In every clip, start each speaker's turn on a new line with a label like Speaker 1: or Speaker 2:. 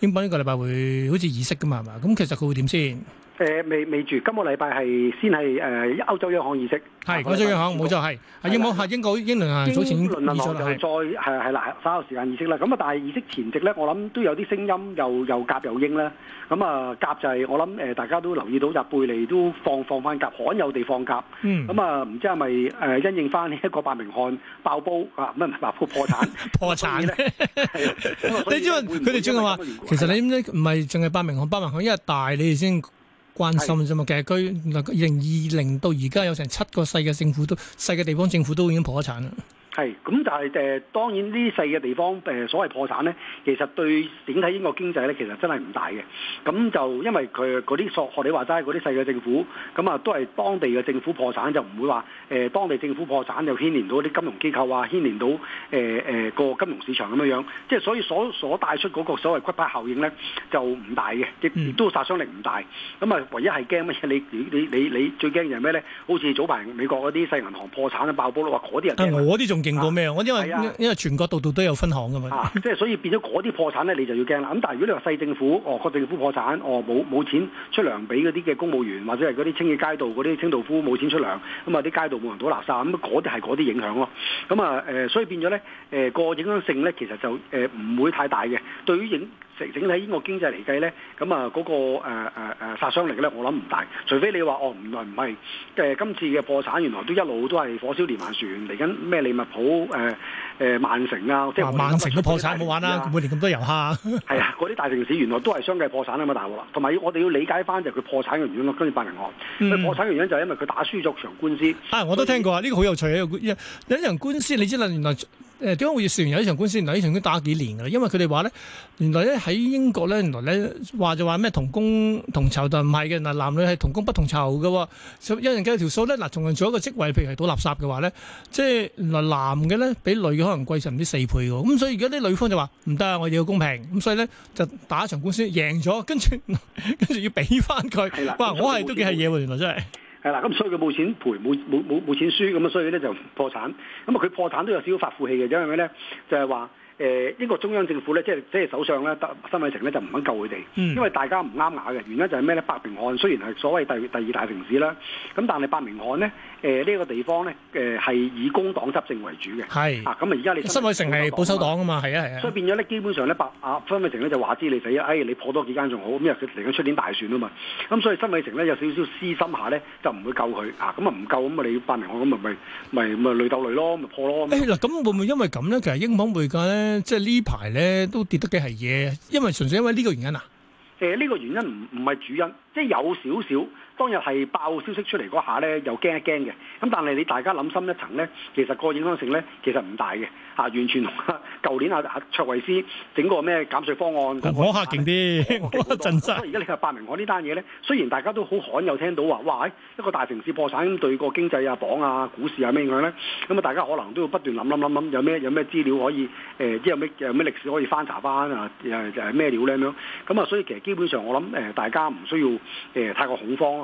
Speaker 1: 英鎊呢個禮拜會好似弱勢㗎嘛，係嘛？咁其實佢會點先？
Speaker 2: 誒，未未住，今個禮拜係先係誒歐洲央行議息係歐洲央行冇錯，係英國啊英國英倫早前議息又再係係啦，稍後時間議息啦。咁啊，但係議息前夕咧，我諗都有啲聲音又又鴿又鷹啦。咁啊，鴿就係我諗大家都留意到就係貝利都放放翻鴿，罕有地放鴿。咁啊，唔知係咪因應翻一個伯明翰爆煲啊，咩，破產破產咧？你知唔知佢哋最近話
Speaker 1: 其實你唔唔係淨係伯明翰伯明翰，因為大你哋先。關心啫嘛，其實佢二零二零到而家有成七個細嘅政府都，細嘅地方政府都已經破咗產啦。
Speaker 2: 係，咁就係誒，當然呢啲細嘅地方誒、呃，所謂破產咧，其實對整體英國經濟咧，其實真係唔大嘅。咁就因為佢嗰啲索學你話齋嗰啲細嘅政府，咁、嗯、啊都係當地嘅政府破產，就唔會話誒、呃、當地政府破產就牽連到啲金融機構啊，牽連到誒誒個金融市場咁樣樣。即係所以所所帶出嗰個所謂骨牌效應咧，就唔大嘅，亦都殺傷力唔大。咁啊，唯一係驚乜嘢？你你你你最驚嘅係咩咧？好似早排美國嗰啲細銀行破產啊，爆煲啦，話嗰啲人
Speaker 1: 啲仲～、嗯勁到咩啊！我因為因為全國度度都有分行噶嘛，啊，即係，
Speaker 2: 就係，所以變咗嗰啲破產咧，你就要驚啦。咁但係如果你話細政府，哦，個政府破產，哦，冇冇錢出糧俾嗰啲嘅公務員或者係嗰啲清潔街道，嗰啲清道夫冇錢出糧，咁啊啲街道冇人倒垃圾，咁嗰啲係嗰啲影響咯。咁啊誒，所以變咗咧誒個影響性咧，其實就誒唔會太大嘅，對於影，整體英國經濟嚟計咧，咁啊嗰個誒誒誒殺傷力咧，我諗唔大。除非你話哦，原來唔係誒，今次嘅破產原來都一路都係火燒連環船嚟緊，咩利物浦誒誒曼城啊，曼城啊即係曼城都破產，冇、啊、玩啦、啊！每年咁多遊客，係啊，嗰啲、啊、大城市原來都係相繼破產啊嘛，大鑊啦。同埋我哋要理解翻就係佢破產嘅原因咯，跟住伯明翰，佢、嗯、破產嘅原因就係因為佢打輸咗場官司。
Speaker 1: 啊，我都聽過啊，呢以個好有趣嘅、啊，因為官司你知啦，原來。誒點解我要訴完呢場官司？原來呢場官司打幾年㗎啦，因為佢哋話咧，原來咧喺英國咧，原來咧話就話咩同工同酬就唔係嘅，嗱，男女係同工不同酬嘅喎，一人計一條數咧。嗱，同樣做一個職位，譬如係倒垃圾嘅話咧，即係原來男嘅咧比女嘅可能貴成唔知四倍嘅，咁所以而家啲女方就話唔得，我要公平，咁所以咧就打一場官司，贏咗跟住
Speaker 2: 跟住要俾翻佢。的哇，我係都幾係嘢喎，原來真係。係啦，咁所以佢冇錢賠，冇冇冇冇錢輸，咁所以咧就破產。咁啊佢破產都有少少發負氣嘅，因為咩咧？就係話。誒呢個中央政府咧，即係即係首相咧，得辛偉成咧就唔肯救佢哋，嗯、因為大家唔啱眼嘅原因就係咩咧？伯明翰雖然係所謂第第二大城市啦，咁但係伯明翰呢，誒呢個地方咧，誒係以工黨執政為主嘅。係咁是啊，而家你辛偉成係保守黨啊嘛，係啊係啊。所以變咗咧，基本上咧伯阿辛偉成咧就話知你死，哎你破多幾間仲好，因為佢嚟緊出年大選啊嘛。咁所以辛偉成咧有少少私心下咧，就唔會救佢啊。咁啊唔救咁啊你伯明翰咁咪咪咪咪累鬥累咯，咪破咯。咁、
Speaker 1: 哎、會唔會因為咁咧？其實英鎊匯價咧。即係呢排咧都跌得幾係嘢，因為純粹因為呢個原因啊？
Speaker 2: 誒、呃、呢、這個原因唔唔係主因，即係有少少。當日係爆消息出嚟嗰下咧，又驚一驚嘅。咁但係你大家諗深一層咧，其實個影響性咧，其實唔大嘅嚇，完全同舊年阿阿卓維斯整個咩減稅方案嗰個嚇勁啲，嚇震而家你嘅伯明翰呢單嘢咧，雖然大家都好罕有聽到話，哇！一個大城市破產咁對個經濟啊、鎊啊、股市啊咩影響咧？咁啊，大家可能都要不斷諗諗諗諗，有咩有咩資料可以誒？即、呃、係有咩有咩歷史可以翻查翻啊？又又係咩料咧咁樣？咁啊，所以其實基本上我諗誒，大家唔需要誒太過恐慌。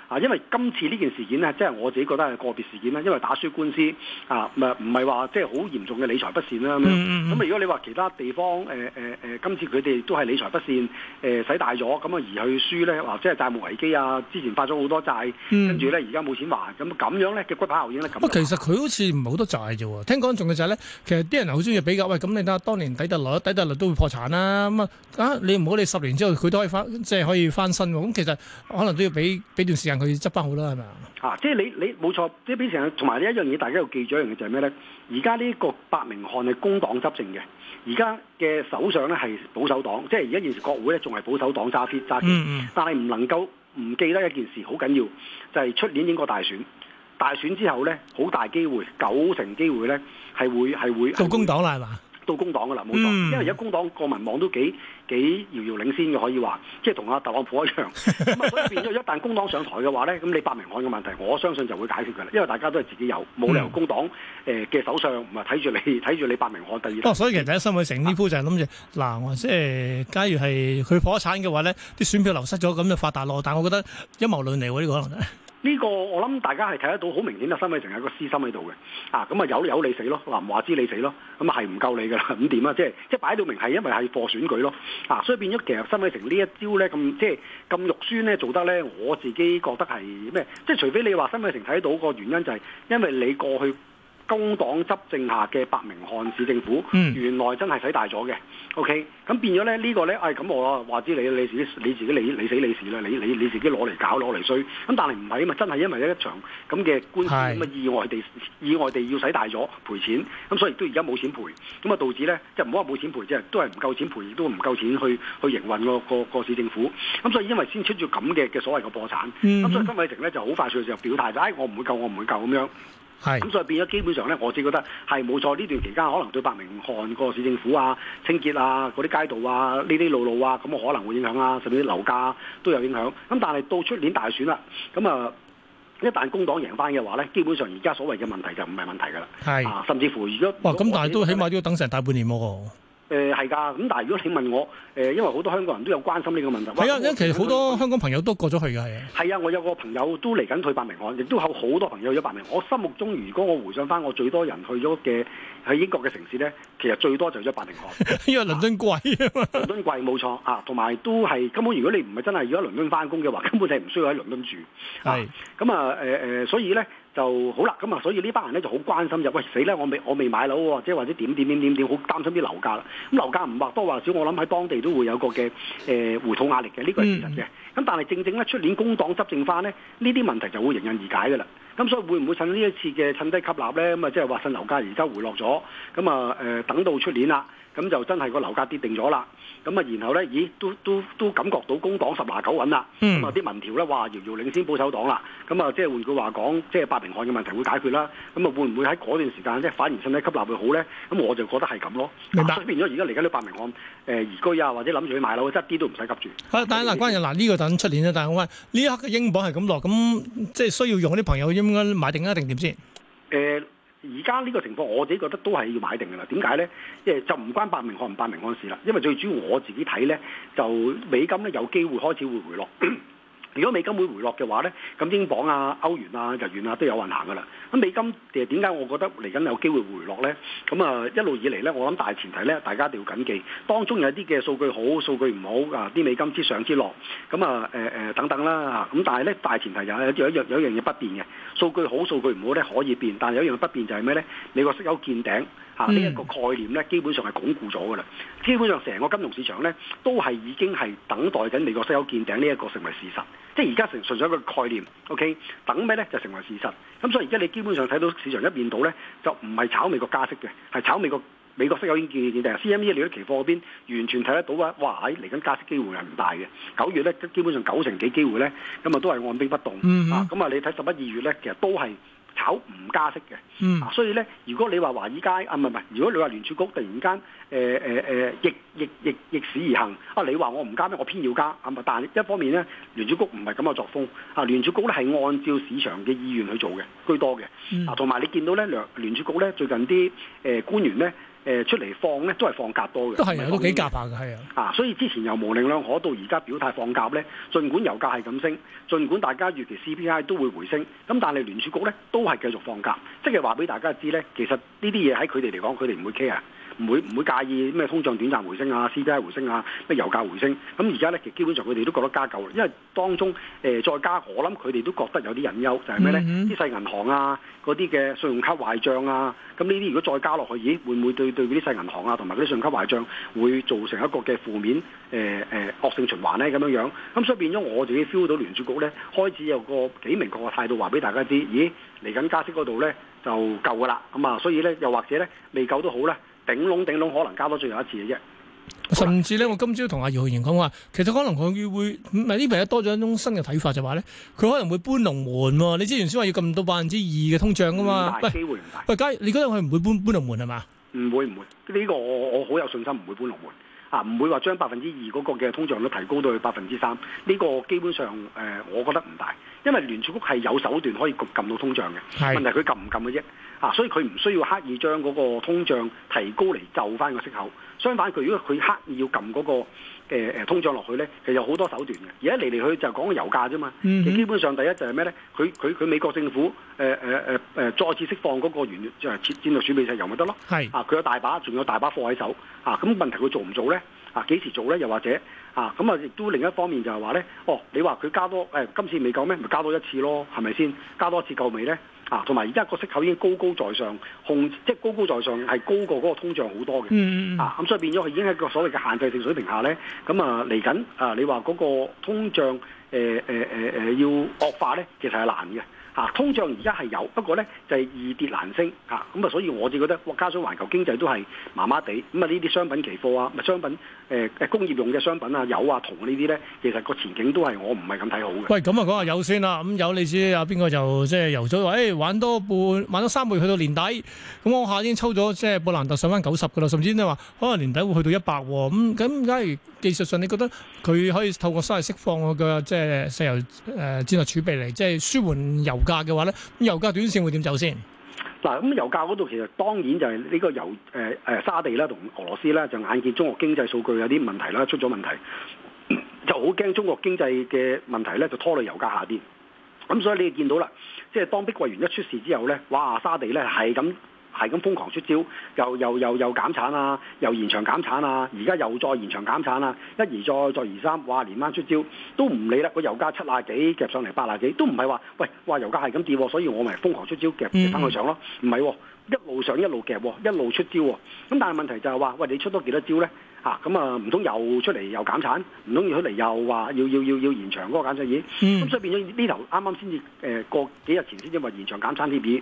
Speaker 2: 因為今次呢件事件呢，即、就、係、是、我自己覺得係個別事件啦，因為打輸官司啊，唔係唔係話即係好嚴重嘅理財不善啦。咁如果你話其他地方誒誒誒，今次佢哋都係理財不善，誒使、嗯呃呃呃、大咗咁啊而去輸呢，或者係債務危機啊，之前發咗好多債，跟住、嗯、呢而家冇錢還，咁咁樣的呢，嘅骨牌效應。不過其
Speaker 1: 實佢好似唔係好多債啫喎，聽講仲就債、是、呢，其實啲人好中意比較，喂咁你睇下當年底特律，底特律都會破產啦、啊，咁啊你唔好你十年之後佢都可以翻，即、就、係、是、可以翻新喎、啊。咁其實可能都要俾俾段時間。去執翻好啦，係咪啊？
Speaker 2: 啊，即係你你冇錯，即係變成同埋呢一樣嘢，大家要記住一樣嘢就係咩咧？而家呢個伯明翰係工黨執政嘅，而家嘅首相咧係保守黨，即係而家現時國會咧仲係保守黨揸 fit 揸，但係唔能夠唔記得一件事好緊要，就係出年英國大選，大選之後咧，好大機會九成機會咧係會係會做工黨啦，係嘛？到工黨噶啦，冇錯，嗯、因為而家工黨個民望都幾幾遙遙領先嘅，可以話，即係同阿特朗普一樣。咁啊，所以變咗一旦工黨上台嘅話咧，咁你伯明翰嘅問題，我相信就會解決噶啦，因為大家都係自己有，冇理由工黨誒嘅首相唔係睇住你，睇住你伯明翰。第二，哦、嗯，所
Speaker 1: 以其實辛偉誠呢鋪就係諗住嗱，即係假如係佢破產嘅話咧，啲選票流失咗咁就發達囉，但我覺得陰謀論嚟喎呢個可
Speaker 2: 能。呢個我諗大家係睇得到好明顯啊，辛偉誠有一個私心喺度嘅，啊咁啊有有你死咯，嗱唔話知你死咯，咁啊係唔救你噶啦，咁點啊？即係即係擺到明係因為係過選舉咯，啊所以變咗其實辛偉誠呢一招咧咁即係咁肉酸咧做得咧，我自己覺得係咩？即係除非你話辛偉誠睇到個原因就係因為你過去，工黨執政下嘅伯明翰市政府，原來真係使大咗嘅。O K，咁變咗咧呢個咧，唉、哎、咁我話知你，你，你自己你，你，你，你，你自己理理死理事啦，你你你自己攞嚟搞攞嚟衰。咁但係唔係啊嘛，真係因為一場咁嘅官司咁嘅是意外地意外地要使大咗，賠錢。咁所以都而家冇錢賠，咁啊導致咧即係唔好話冇錢賠啫，都係唔夠錢賠，亦都唔夠錢去去營運個個個市政府。咁所以因為先出咗咁嘅嘅所謂嘅破產，咁、嗯、哼所以金偉成咧就好快脆就表態就，唉、哎，我唔會救，我唔會救咁樣。係咁，是所以變咗基本上咧，我自己覺得係冇錯。呢段期間可能對伯明翰個市政府啊、清潔啊、嗰啲街道啊、呢啲路路啊，咁可能會影響啊，甚至啲樓價、啊、都有影響。咁但係到出年大選啦，咁啊一旦工黨贏翻嘅話咧，基本上而家所謂嘅問題就唔係問題噶啦。係是、啊，甚至乎如果哇，咁但係
Speaker 1: 都起碼都要等成大半年喎。
Speaker 2: 誒係㗎，咁、呃、但係如果你問我，誒、呃、因為好多香港人都有關心呢個問題。係啊的，因為、嗯、其實好多
Speaker 1: 香港朋友都過咗去㗎，係啊。
Speaker 2: 係啊，我有個朋友都嚟緊退伯明翰，亦都有好多朋友去咗伯明翰。我心目中，如果我回想翻，我最多人去咗嘅喺英國嘅城市咧，其實最多就係咗伯明翰， 因為倫敦貴啊 倫敦貴冇錯啊，同埋都係根本如果你唔係真係要喺倫敦翻工嘅話，根本就係唔需要喺倫敦住。係、啊，咁的啊誒誒、嗯呃呃，所以咧。就好啦，咁啊，所以呢班人咧就好關心入，喂死啦！我未我未買樓喎，即係或者點點點點點好擔心啲樓價啦。咁樓價唔或多或少，我諗喺當地都會有個嘅、呃、回吐壓力嘅，呢個係事實嘅。咁但係正正咧，出年工黨執政翻咧，呢啲問題就會迎刃而解㗎啦。咁所以會唔會趁呢一次嘅趁低吸納咧？咁啊，即係話趁樓價而家回落咗，咁啊、呃、等到出年啦。咁就真係個樓價跌定咗啦，咁啊，然後咧，咦，都都都感覺到工黨十拿九穩啦，咁啊、嗯，啲民調咧，哇，遙遙領先保守黨啦，咁啊，即係換句話講，即係伯明翰嘅問題會解決啦，咁啊，會唔會喺嗰段時間咧，即反而信貸吸納會好咧？咁我就覺得係咁咯，明白。變咗而家嚟緊呢伯明翰，誒、呃，移居啊，或者諗住去買樓，一啲都唔使急住、嗯
Speaker 1: 這個。但係嗱，關 Sir 嗱，呢個等出年啫，但係我話呢一刻嘅英鎊係咁落，咁即係需要用嗰啲朋友應該買定一定點先。
Speaker 2: 誒。欸而家呢個情況，我自己覺得都係要買定㗎喇。點解呢？即係就唔關伯明翰唔伯明翰事啦。因為最主要我自己睇呢，就美金呢，有機會開始會回落。 如果美金會回落嘅話呢，咁英鎊啊、歐元啊、日元啊都有運行㗎喇。咁美金其實點解我覺得嚟緊有機會回落咧？咁啊一路以嚟咧，我諗大前提咧，大家一定要緊記，當中有啲嘅數據好，數據唔好啊，啲美金之上之落，咁啊誒誒、啊、等等啦嚇。咁、啊、但係咧大前提就係有，有一樣有一樣嘢不變嘅，數據好數據唔好咧可以變，但係有一樣不變就係咩咧？美國息口見頂嚇呢一個概念咧，基本上係鞏固咗㗎啦。基本上成個金融市場咧都係已經係等待緊美國息口見頂呢一個成為事實，即係而家純純粹一個概念。O、okay? K. 等咩咧就成為事實。咁所以而家你基本上睇到市場一面倒咧，就唔係炒美國加息嘅，係炒美國美國息有堅建議定係 CME 利率期貨嗰邊，完全睇得到啊！哇，喺嚟緊加息機會係唔大嘅。九月咧，基本上九成幾機會咧，咁啊都係按兵不動嗯嗯啊。咁啊，你睇十一二月咧，其實都係。搞唔加息嘅，嗯、所以咧，如果你話華爾街啊，唔係唔係，如果你話聯儲局突然間誒誒誒逆逆逆逆市而行啊，你話我唔加咩，我偏要加啊嘛，但一方面咧，聯儲局唔係咁嘅作風啊，聯儲局咧係按照市場嘅意願去做嘅居多嘅，嗱同埋你見到咧聯聯儲局咧最近啲誒、呃、官員咧。誒出嚟放咧，都係放鴿多嘅，都係啊，都幾鴿化嘅，係啊啊！所以之前由模棱兩可，到而家表態放鴿咧，儘管油價係咁升，儘管大家預期 C P I 都會回升，咁但係聯儲局咧都係繼續放鴿。即係話俾大家知咧，其實呢啲嘢喺佢哋嚟講，佢哋唔會 care。唔會唔會介意咩通脹短暫回升啊，C P I 回升啊，咩油價回升咁而家咧，其實基本上佢哋都覺得加夠啦，因為當中誒、呃、再加，我諗佢哋都覺得有啲隱憂，就係咩咧？啲細銀行啊，嗰啲嘅信用卡壞帳啊，咁呢啲如果再加落去，咦？會唔會對對嗰啲細銀行啊，同埋嗰啲信用卡壞帳會造成一個嘅負面誒誒、呃呃、惡性循環咧？咁樣樣咁，所以變咗我自己 feel 到聯儲局咧，開始有個幾明確嘅態度話俾大家知，咦？嚟緊加息嗰度咧就夠噶啦，咁啊，所以咧又或者咧未夠都好啦。頂籠，頂籠可能加多最後一次嘅啫，
Speaker 1: 甚至咧，我今朝同阿姚浩然講話，其實可能佢會唔係呢？邊咧多咗一種新嘅睇法，就話咧，佢可能會搬龍門喎，你之前先話要撳到百分之二嘅通脹噶嘛？唔大機會唔大。喂，你覺得佢唔會搬搬龍門係嘛？
Speaker 2: 唔會唔會呢、呢個我我好有信心唔會搬龍門啊！唔會話將百分之二嗰個嘅通脹率提高到去百分之三呢個基本上誒、呃，我覺得唔大，因為聯儲局係有手段可以撳到通脹嘅，問題佢撳唔撳嘅啫。啊，所以佢唔需要刻意將嗰個通脹提高嚟就翻個息口。相反佢如果佢刻意要撳嗰、嗰個嘅、呃、通脹落去咧，其實有好多手段嘅。而家嚟嚟去就講個油價啫嘛，基本上第一就係咩咧？佢佢佢美國政府誒誒誒誒再次釋放嗰個原就係戰略儲備石油咪得咯？係是啊，佢有大把，仲有大把貨喺手啊。咁問題佢做唔做咧？啊，幾、啊、時做咧？又或者啊，咁啊亦都另一方面就係話咧，哦，你話佢加多誒、呃、今次未夠咩？咪加多一次咯，係咪先？加多一次夠未咧？啊，同埋而家個息口已經高高在上，控即係高高在上係高過嗰個通脹好多嘅，啊咁所以變咗佢已經喺個所謂嘅限制性水平下咧，咁啊嚟緊啊，你話嗰個通脹誒誒誒誒要惡化咧，其實係難嘅。啊，通脹而家係有，不過咧就係、是、易跌難升嚇，咁啊，所以我只覺得國家所環球經濟都係麻麻地，咁啊呢啲商品期貨啊，商品誒誒、呃、工業用嘅商品啊，油啊、銅這些呢啲咧，其實個前景都係我唔係咁睇好嘅。
Speaker 1: 喂，咁啊講下油先啦，咁、嗯、油你知啊邊個就即係油商話，玩多半，玩多三個月去到年底，咁我下已經抽咗即係布蘭特上翻九十㗎啦，甚至你話可能年底會去到一百喎。咁咁假如技術上你覺得佢可以透過稍日釋放嘅即係石油誒戰略儲備嚟，即、就、係、是、舒緩油。價嘅話咧，咁油價短線會點走先？
Speaker 2: 嗱，咁油價嗰度其實當然就係呢個油誒誒、呃、沙地啦，同俄羅斯啦，就眼見中國經濟數據有啲問題啦，出咗問題，就好驚中國經濟嘅問題咧，就拖累油價下跌。咁所以你哋見到啦，即係當碧桂園一出事之後咧，哇，沙地咧係咁。係咁瘋狂出招，又又又又減產啊，又延長減產啊，而家又再延長減產啊，一而再，再而三，哇，連番出招，都唔理啦，個油價七啊幾夾上嚟八啊幾，都唔係話，喂，話油價係咁跌，所以我咪瘋狂出招夾等佢上咯，唔係、mm hmm.，一路上一路夾，一路出招，咁但係問題就係、是、話，喂，你出多幾多招咧？嚇，咁啊，唔通又出嚟又減產？唔通要佢嚟又話要，要要要要延長嗰個減產期？咁、mm hmm. 所以變咗呢頭啱啱先至誒，過幾日前先至話延長減產協議。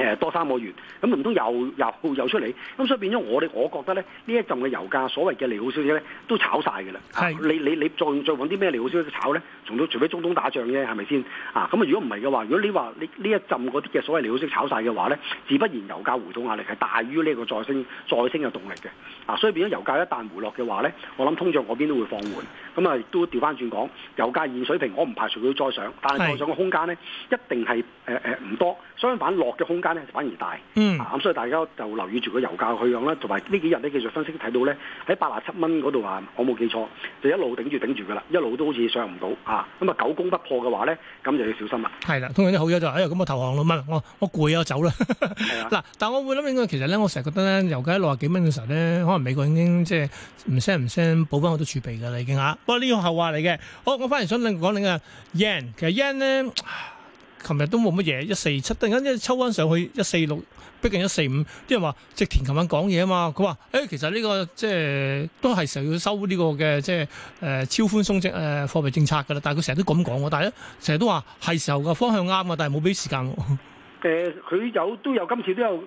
Speaker 2: 誒多三個月，咁唔通又又又出嚟，咁所以變咗我哋，我覺得咧呢一陣嘅油價所謂嘅利好消息咧，都炒晒嘅啦。係是 你你你再再揾啲咩利好消息，息炒咧？從到除非中東打仗啫，係咪先？啊，咁啊如果唔係嘅話，如果你話你呢一陣嗰啲嘅所謂利好消息炒晒嘅話咧，自不然油價回吐壓力係大於呢個再升再升嘅動力嘅。啊，所以變咗油價一旦回落嘅話咧，我諗通脹嗰邊都會放緩。咁啊，亦都調翻轉講，油價現水平，我唔排除佢再上，但係再上嘅空間咧一定係誒誒唔多。相反落嘅空間。咧反而大，嗯，咁所以大家就留意住個油價去向啦，同埋呢幾日咧繼續分析睇到咧喺八廿七蚊嗰度啊，我冇記錯就一路頂住頂住噶啦，一路都好似上唔到啊，咁啊久攻不破嘅話咧，咁就要小心啦。
Speaker 1: 係啦，當然啲好友就喺度咁啊，我投降囉嘛，我我攰啊，走啦。係啊，嗱，但我會諗應該其實咧，我成日覺得咧，油價喺六廿幾蚊嘅時候咧，可能美國已經即係唔聲唔聲補翻好多儲備㗎啦已經啊，不過呢個後話嚟嘅。好，我反而想講你啊 yen，其實 yen 咧。琴日都冇乜嘢，一四七突然間一抽翻上去一四六，逼近一四五。啲人話植田琴晚講嘢啊嘛，佢話，誒、欸、其實呢、這個即係都係時候要收呢、這個嘅即係誒、呃、超寬鬆政誒、呃、貨幣政策㗎啦。但係佢成日都咁講喎，但係咧成日都話係時候嘅方向啱嘅，但係冇俾時間。
Speaker 2: 誒佢、呃、有都有今次都有誒誒、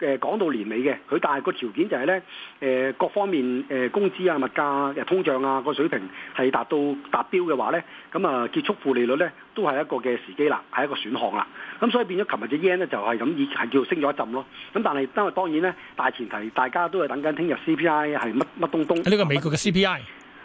Speaker 2: 呃呃、講到年尾嘅，佢但係個條件就係咧，誒各方面誒工資啊、物價啊、通脹啊個水平係達到達標嘅話咧，咁啊結束負利率咧都係一個嘅時機啦，係一個選項啦。咁所以變咗琴日隻 yen 咧就係咁，係叫升咗一陣咯。咁但係當然咧，大前提大家都係等緊聽日 CPI 係乜乜東東。呢個美國嘅 CPI。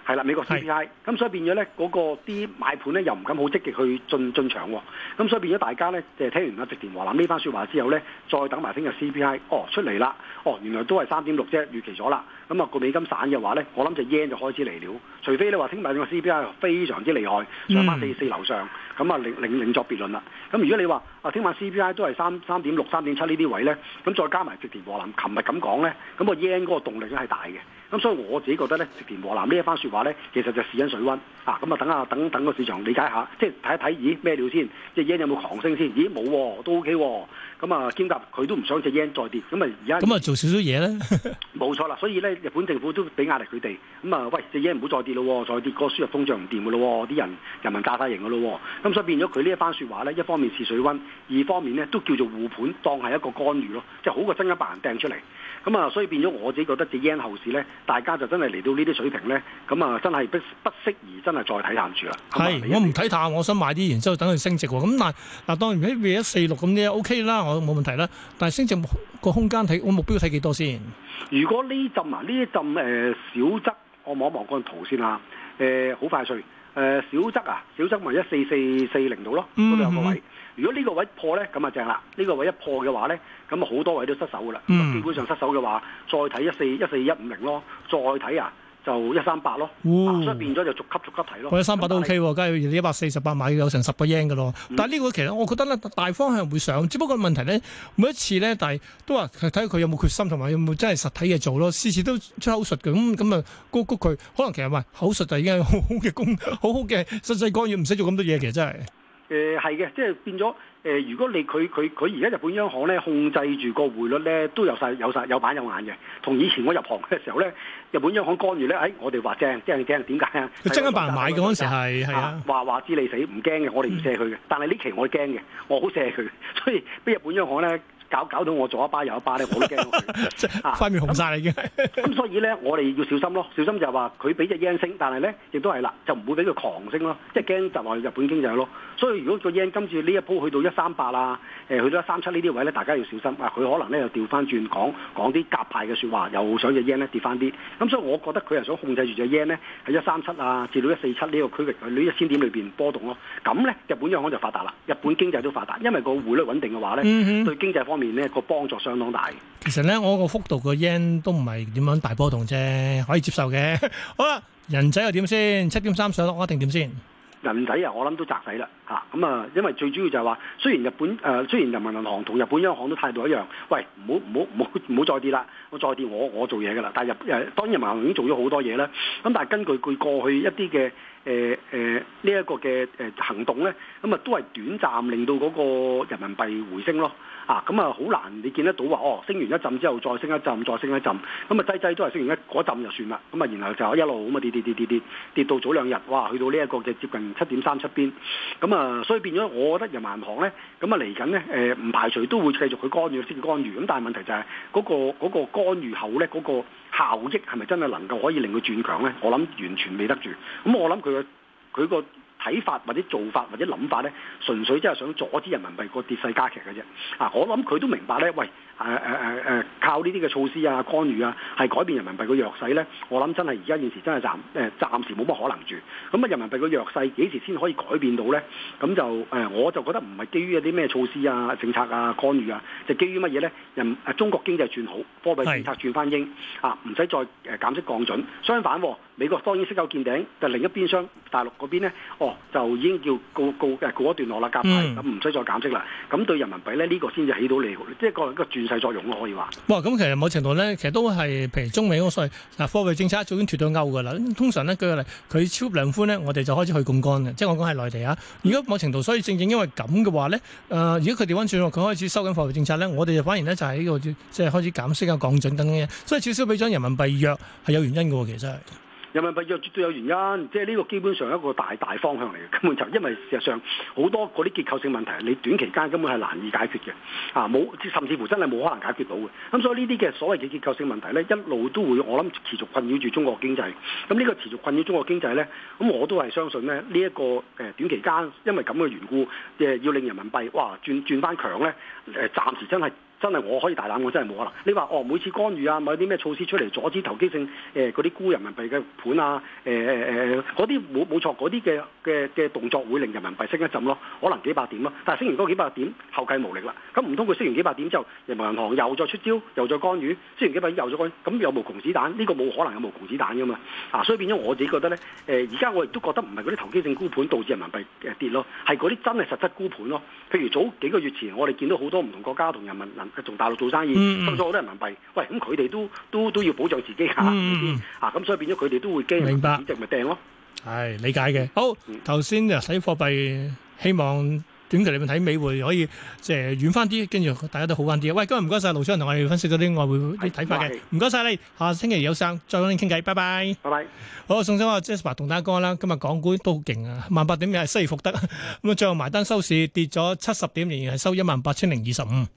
Speaker 2: 係啦，美國 CPI，咁所以變咗咧，嗰個啲買盤咧又唔敢好積極去進進場喎，咁所以變咗大家咧，就係聽完阿植田和男呢番說話之後咧，再等埋聽日 CPI，哦出嚟啦，哦原來都係三點六啫，預期咗啦，咁、那、啊個美金散嘅話咧，我諗就 yen 就開始嚟了，除非你話聽日個 CPI 非常之厲害，上翻四四樓上。咁啊，另另作別論啦。咁如果你話啊，聽晚 CPI 都係三三點六、三點七呢啲位咧，咁再加埋直田和男琴、那個、日咁講咧，咁個 yen 嗰個動力都係大嘅。咁所以我自己覺得咧，直田和男一番呢一番説話咧，其實就試緊水溫啊。咁啊，等下等等個市場理解一下，即係睇一睇，咦咩料先？即係 yen 有冇狂升先？咦冇喎、啊，都 OK 喎。咁啊，兼夾佢都唔想隻 yen 再跌。咁啊，而家咁啊，
Speaker 1: 做少少嘢咧。
Speaker 2: 冇 錯啦，所以咧，日本政府都俾壓力佢哋。咁啊，喂，隻 yen 唔好再跌咯，再跌、那個輸入通脹唔掂嘅咯，啲人人民炸晒型嘅咯。咁所以變咗佢呢一番説話咧，一方面試水温，二方面咧都叫做護盤，當係一個干預咯，即係好過真金白銀掟出嚟。咁啊，所以變咗我自己覺得，至 yen 後市咧，大家就真係嚟到呢啲水平咧，咁啊，真係不不適宜，真係再睇淡住啦。係，
Speaker 1: 我唔睇淡，我想買啲，然之後等佢升值喎。咁嗱嗱，當然喺二一四六咁咧 OK 啦，我冇問題啦。但係升值個空間睇，我目標睇幾多先？
Speaker 2: 如果呢浸啊，呢一浸誒少則，我望一望個圖先啦。誒、呃，好快脆。誒、uh，小則啊，小則咪一四四四零度咯，嗰度有個位。如果呢個位破咧，咁啊正啦。呢個位一破嘅話咧，咁好多位都失守噶啦。Mm. 基本上失守嘅話，再睇一四一四一五零咯，再睇啊。就一三八咯，咁、哦啊、變咗就逐級逐級睇咯。我、哦、一三八都
Speaker 1: OK 喎，梗係你一百四十八買，有成十個 yen 嘅咯。嗯、但係呢個其實我覺得咧，大方向會上，只不過問題咧，每一次咧，但係都話睇下佢有冇決心，同埋有冇真係實體嘅做咯。次次都出口術嘅，咁咁啊高谷佢，可能其實唔口術就已經係好好嘅工，好好嘅實際干預，唔使做咁多嘢，其實真
Speaker 2: 係。誒係嘅，即係變咗誒、呃。如果你佢佢佢而家日本央行咧控制住個匯率咧，都有晒有曬有板有眼嘅。同以前我入行嘅時候咧。日本央行干預咧，誒、哎，我哋話正，即係你驚，點解啊？真
Speaker 1: 金白銀買嘅嗰陣時，係係
Speaker 2: 啊，話話知你死，唔驚嘅，我哋唔射佢嘅。嗯、但係呢期我驚嘅，我好射佢，所以俾日本央行咧。搞搞到我左一巴右一巴咧，我都驚。
Speaker 1: 啊、面紅曬啦已經。
Speaker 2: 咁、啊、 所以咧，我哋要小心咯。小心就係話佢俾隻 yen 升，但係咧亦都係啦，就唔會俾佢狂升咯。即係驚就話日本經濟咯。所以如果個 yen 今次呢一鋪去到一三八啊，誒去到一三七呢啲位咧，大家要小心。啊，佢可能咧又調翻轉講講啲鴿派嘅説話，又想隻 yen 咧跌翻啲。咁所以我覺得佢係想控制住隻 yen 咧喺一三七啊，至到一四七呢個區域喺呢一千點裏邊波動咯。咁咧日本央行就發達啦，日本經濟都發達，因為個匯率穩定嘅話咧，mm hmm. 對經濟方面咧個幫助相當大。
Speaker 1: 其實咧我個幅度，個日圓都唔係點樣大波動啫，可以接受嘅。 好啦，人仔又點先？七點三上落我一定點先？
Speaker 2: 人仔啊，我諗都窄底啦吓，咁啊，因為最主要就係話，雖然日本誒、呃，雖然人民銀行同日本央行都態度一樣，喂，唔好唔好唔好唔好再跌啦，我再跌我我做嘢噶啦。但係日誒，當然人民銀行已經做咗好多嘢啦。咁但係根據佢過去一啲嘅。誒誒呢一個嘅誒、呃、行動咧，咁啊都係短暫，令到嗰個人民幣回升咯，啊咁啊好難你見得到話哦，升完一陣之後再升一陣，再升一陣，咁啊滯滯都係升完一嗰陣就算啦，咁啊然後就一路咁啊跌跌跌跌跌跌到早兩日，哇去到呢一個嘅接近七點三出邊，咁啊所以變咗我覺得人民銀行咧，咁啊嚟緊咧誒唔排除都會繼續去干預，先係干預，咁但係問題就係嗰個嗰個干預後咧嗰個。那個效益係咪真係能夠可以令佢轉強咧？我諗完全未得住。咁我諗佢個佢個。睇法或者做法或者諗法咧，純粹即係想阻止人民幣個跌勢加劇嘅啫。啊，我諗佢都明白咧，喂，誒誒誒誒，靠呢啲嘅措施啊、干預啊，係改變人民幣個弱勢咧。我諗真係而家現時真係暫誒、呃、暫時冇乜可能住。咁啊，人民幣個弱勢幾時先可以改變到咧？咁就誒、呃，我就覺得唔係基於一啲咩措施啊、政策啊、干預啊，就基於乜嘢咧？人誒、啊、中國經濟轉好，貨幣政策轉翻英是啊，唔使再誒減息降準，相反、啊。美國當然識有見頂，但、就是、另一邊商大陸嗰邊咧，哦就已經叫告告嘅告一段落啦，夾埋咁唔使再減息啦。咁對人民幣咧，呢、這個先至起到利好，即係一個轉勢作用咯，可以話。
Speaker 1: 哇！咁其實某程度咧，其實都係譬如中美嗰個所謂嗱貨幣政策早已經脫咗鈎噶啦。通常咧，舉個例，佢超量寬咧，我哋就開始去槓桿嘅，即、就、係、是、我講係內地啊。如果某程度，所以正正因為咁嘅話咧，誒如果佢調返轉落，佢開始收緊貨幣政策咧，我哋就反而咧就喺呢、這個即係、就是、開始減息啊、降準等等嘢。所以至少俾咗人民幣弱係有原因嘅喎、啊，其實。
Speaker 2: 人民幣有絕對有原因，即係呢個基本上一個大大方向嚟嘅，根本就因為事實上好多嗰啲結構性問題，你短期間根本係難以解決嘅，啊冇甚至乎真係冇可能解決到嘅。咁所以呢啲嘅所謂嘅結構性問題呢，一路都會我諗持續困擾住中國經濟。咁呢個持續困擾中國的經濟呢，咁我都係相信呢，呢、這、一個誒、呃、短期間因為咁嘅緣故，誒要令人民幣哇轉轉翻強呢，誒、呃、暫時真係。真係我可以大膽，我真係冇可能。你話哦，每次干預啊，咪啲咩措施出嚟阻止投機性誒嗰啲沽人民幣嘅盤啊？誒誒誒，嗰啲冇冇錯，嗰啲嘅嘅嘅動作會令人民幣升一陣咯，可能幾百點咯、啊。但係升完嗰幾百點後繼無力啦。咁唔通佢升完幾百點之後，人民銀行又再出招，又再干預，升完幾百點又再幹，咁有無窮子彈？呢、這個冇可能有無窮子彈噶嘛？啊，所以變咗我自己覺得咧，誒而家我亦都覺得唔係嗰啲投機性沽盤導致人民幣誒跌咯，係嗰啲真係實質沽盤咯、啊。譬如早幾個月前，我哋見到好多唔同國家同人民佢從大陸做生意，收咗好多人民幣。喂，咁佢哋都都都要保障自己吓，啊，咁所以變咗佢哋都會驚，明白，咁就
Speaker 1: 咪掟咯。係理解嘅。好頭先就睇貨幣，希望短期嚟講睇美匯可以即係遠翻啲，跟住大家都好翻啲。喂，今日唔該晒，盧昌同我哋分析咗啲外匯啲睇法嘅。唔該晒你。下星期有生再揾你傾偈，拜拜。好，宋生啊，Jessica 同大家講啦，今日港股都好勁啊，萬八點嘅係失而復得咁啊，最後埋單收市跌咗七十點，仍然係收一萬八千零二十五。